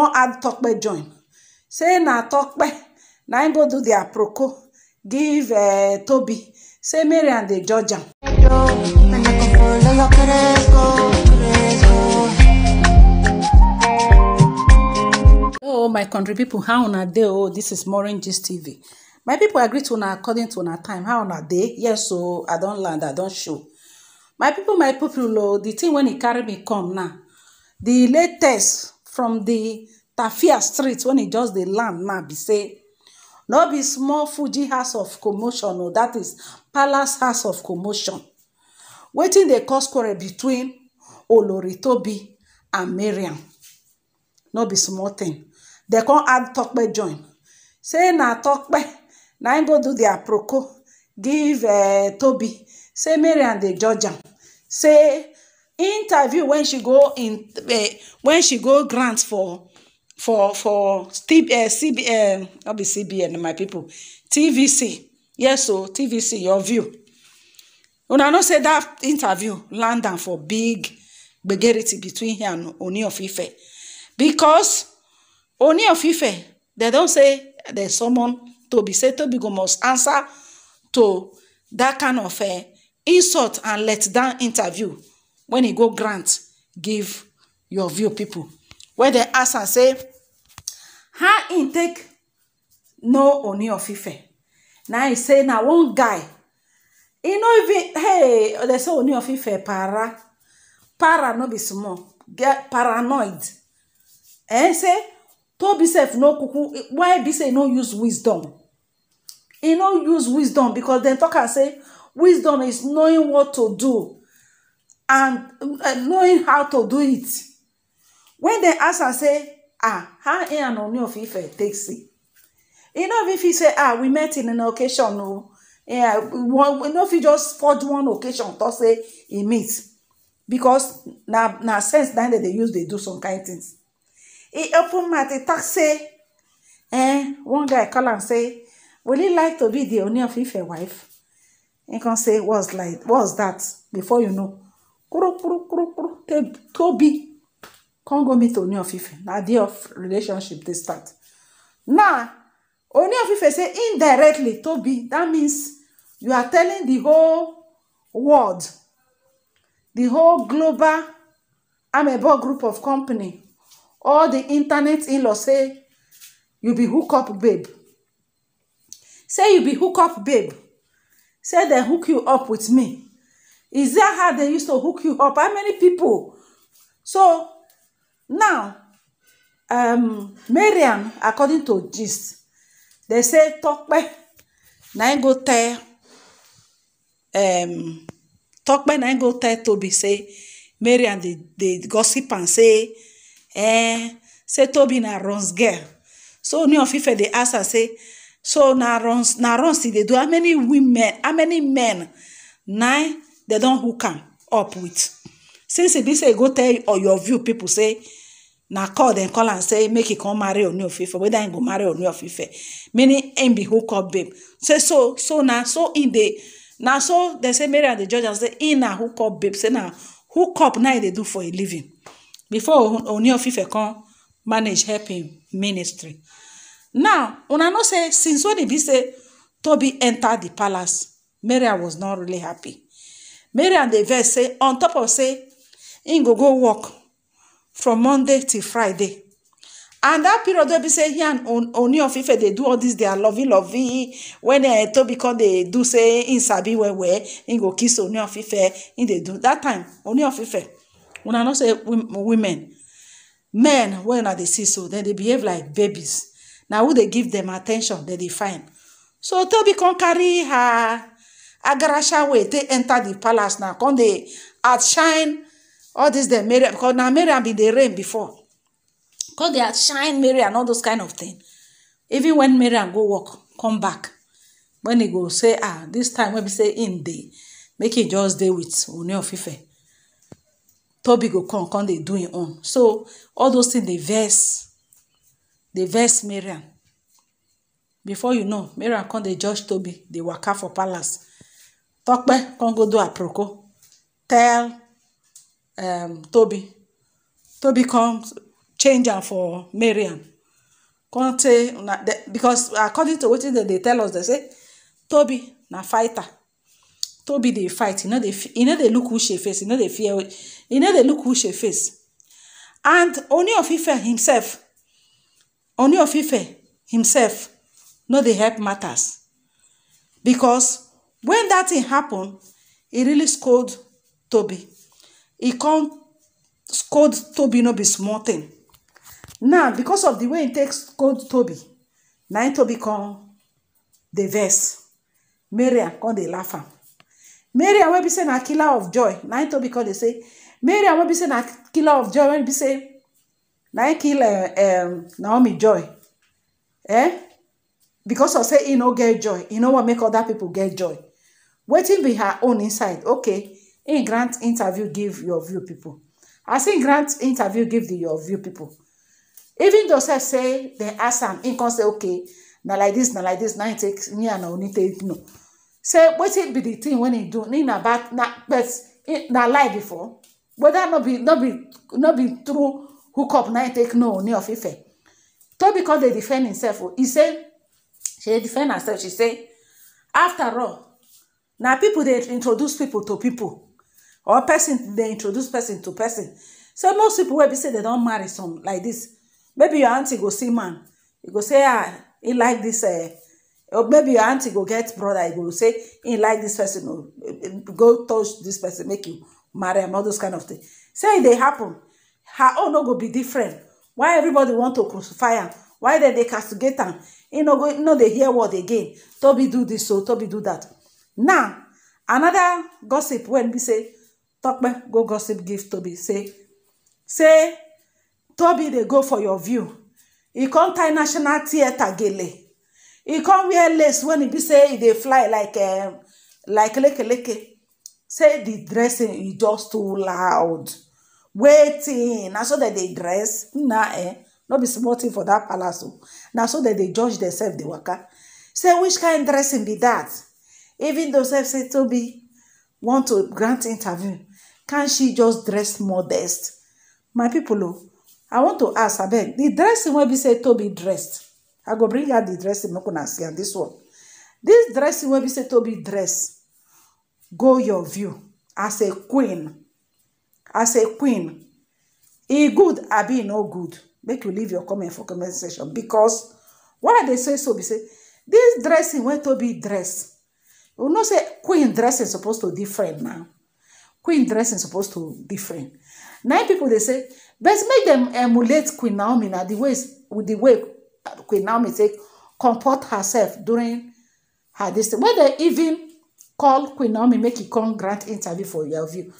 come add tope join say na tope na im go do their proko give eh, Toby. say mary and dey judge am oh my country people, how una dey oh this is morin gist tv my people agree to una according to una time how una dey yes so oh, i don land i don show my people, my pipo oh, the thing when e carry me come now the latest from the tafia street when e just dey land now be say no be small fuji house of commotion o that is palace house of commotion wetin dey cause quarrel between oloritobi and mariam no be small thing. dem con add tope join say na tope na im go do their proko give eh, tobi say mariam dey judge am say interview when she go in eh, when she go grant for for for eh, cbn eh, not be cbn my people, tvc yes o oh, tvc your view una know say that interview land am for big begarity between her and oni of ife because oni of ife dem don say someone to be say tobi go must answer to that kind of insult and let down interview When he go grant give your view people, wey they ask and say how im take know oni of ife na im say now one guy e no even hey they say oni of ife para para no be small get paranoid eh say to be safe no kuku why be say no use wisdom He no use wisdom because dem talk and say wisdom is knowing what to do and uh, knowing how to do it when they ask am say ah how in an only of if a taxi," you know if he say ah we met in an occasion o yeah we no fit just forge one occasion to say e meet because now now since then, dem dey use they do some kind things He open my e talk say eh, one guy call and say will you like to be the only of if a wife he come say what's like what's that before you know kurukuru they tobi come go meet oni of ife na day of relationship dey start now oni of ife say indirectly tobi that means you are telling the whole world the whole global amebo group of company all the internet in-law say you be hook up babe say you be hook up babe say dem hook you up with me is that how they used to hook you up how many people so now um, mariam according to gist they say Tope na go tell um, Tope na go tell Tobi say mariam they they gossip and say eh, say Toby na runs girl so new of Ife they ask and say so na runs na runs e dey do how many women how many men Nine. dem don hook am up with since e be say e go tell your view pipo say na call dem call am say make e come marry oni ife weda im go marry oni ife meaning im be hook up babe say so so na so e dey na so dem say and the judge am say e na up babe say na up na im dey do for a living before oni ife come manage help im ministry now una know say since e be say tobi enta di palace mary was not really happy. Mary and dey verse say on top of say im go go work from monday till friday and that period wey be say here and oni of ife they do all this dis dia lovey lovey they eh, tobi come they do say in sabi well well im go kiss oni of ife im do that time oni of ife una know say women men when una dey see so then they behave like babies Now who they give them attention they define. find so tobi come carry her agarasha way take enter di palace now come dey outshine shine all dis dem mary because na mary bin dey reign before come dey outshine shine and all those kind of things even wen mary go work come back wen e go say ah dis time wey be say im dey make im just dey wit of ife tobi go come come dey do im own so all those things dey vex dey vex maria before you know maria come dey judge tobi dey waka for palace. Tope come go do aproko. Tell um, Toby. Toby come change am for Mariam. Come say, una, de, because according to wetin dem dey tell us, dem say Toby na fighter. Toby dey fight. He no dey he no dey look who she face. He no dey fear. He no dey look who she face. And Ooni of Ife himself, Ooni of Ife himself no dey help matters because When that thing happened, he really scold Toby. He come scold Toby no be small thing. Now, because of the way he take scold Toby, now Toby Tobi come dey vex. Mariam come dey laugh am. Mariam be say a killer of joy, Now Toby Tobi come dey say, Maria wey be say a killer of joy, wey be say now im kill uh, um, Naomi joy. Eh? Because I say he no get joy, He no wan make other people get joy wetin be her own inside okay im grant interview give your view people. as im grant interview give the your view people. even though sef say dem ask am im come say okay na like this, na like this. na im take me and oni take no say wetin be the thing wey he do im na bad na but na lie before whether no be no be no be true up. na im take no oni of ife tobi come dey defend himself o oh, e say she dey defend herself she say after all na people dey introduce people to people or person dey introduce person to person so most people wey be say dem don marry some like this maybe your aunty go see man go say e like this eh. or maybe your aunty go get brother go say he like this person or oh, go touch this person make you marry am all those kind of things say e dey happen her own no go be different why everybody want to crucify am why dem dey castigate am e no dey hear word again tobi do this so oh, tobi do that. now another gossip when we say tokpe go gossip give Toby say say Toby. dey go for your view e come tie national theatre gele e come wear lace when e be say e dey fly like um, like leke leke say the dressing e just too loud wetin na so dem dey dress na eh no be small thing for dat palace o na so dem dey judge themselves dey waka say which kind dressing be dat Even though Seth say Toby want to grant interview, can she just dress modest? My people, oh, I want to ask abeg the dressing wey be say Toby dressed. I go bring out the dressing make una see am this one. This dressing wey be say Toby dress go your view as a queen. As a queen, e good abi e no good. Make you leave your comment for comment section because why I dey say so be say this dressing wey Toby dress you know say queen dressing suppose to different na queen dressing suppose to different. nine people pipo dey say best make dem emulate queen naomi na di way way queen naomi take comport herself during her dis when dem even call queen naomi make e come grant interview for your view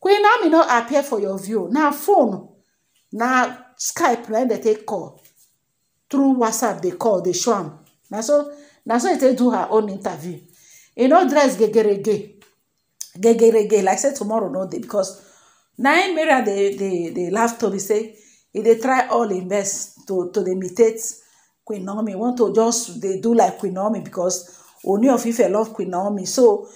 queen naomi no appear for your view na phone na skype na dem take call through whatsapp dey call dey show am na so na so e take do her own interview. e no dress gegerege gegerege like say tomorrow no dey because na im maria dey laugh to be say e dey try all im best to to dey imitate queen naomi want to just dey do like queen naomi because oni of ife love queen naomi so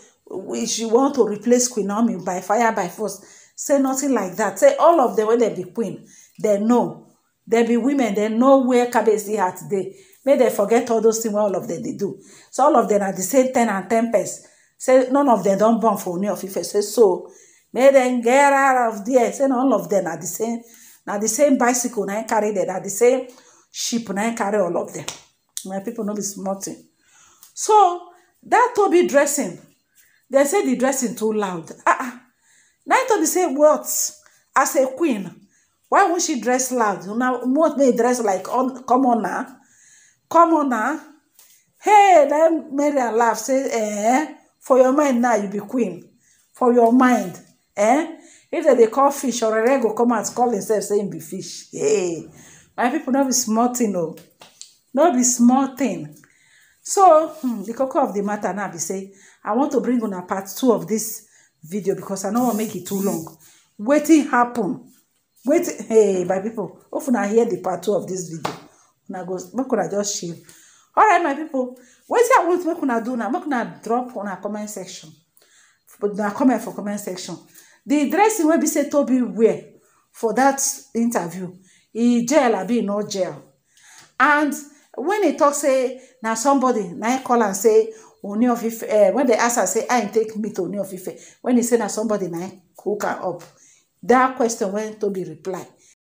she want to replace queen naomi by fire by force say nothing like that say all of them wey dem be queen dem know dem be women dem know where kabezi at. dey May they forget all those things all of them they do so all of them are the same ten and ten pence say none of them don't burn for Ooni of Ife say so may dem get out of there say all of them are the same na the same bicycle now e carry that are the same sheep now e carry all of them. my people know this small thing so that Toby dressing They say the dressing too loud ah ah na e Tobi say what as a queen why won't she dress loud Now what may dress like on come on now. on na hey then mary laugh say eh for your mind now you be queen for your mind eh if dem dey call fish or rang go come out call himself say im be fish hey my pipo no be small tin o oh. no be small tin. so di hmm, koko of di matter now be say i want to bring una part two of dis video becos i no wan make e too long wetin happen wetin hey my pipo hope una hear di part two of dis video. una go make una just All right, my people. wetin i want make una do na make una drop una comment section una comment for comment section di dressing wey be say Toby wear for that interview e gel abi e no gel and when e tok say na somebody na im e call am say oni of ife eh wen dem ask am say how im e take meet oni of ife wen e say na somebody na im hook am up that question wen Toby reply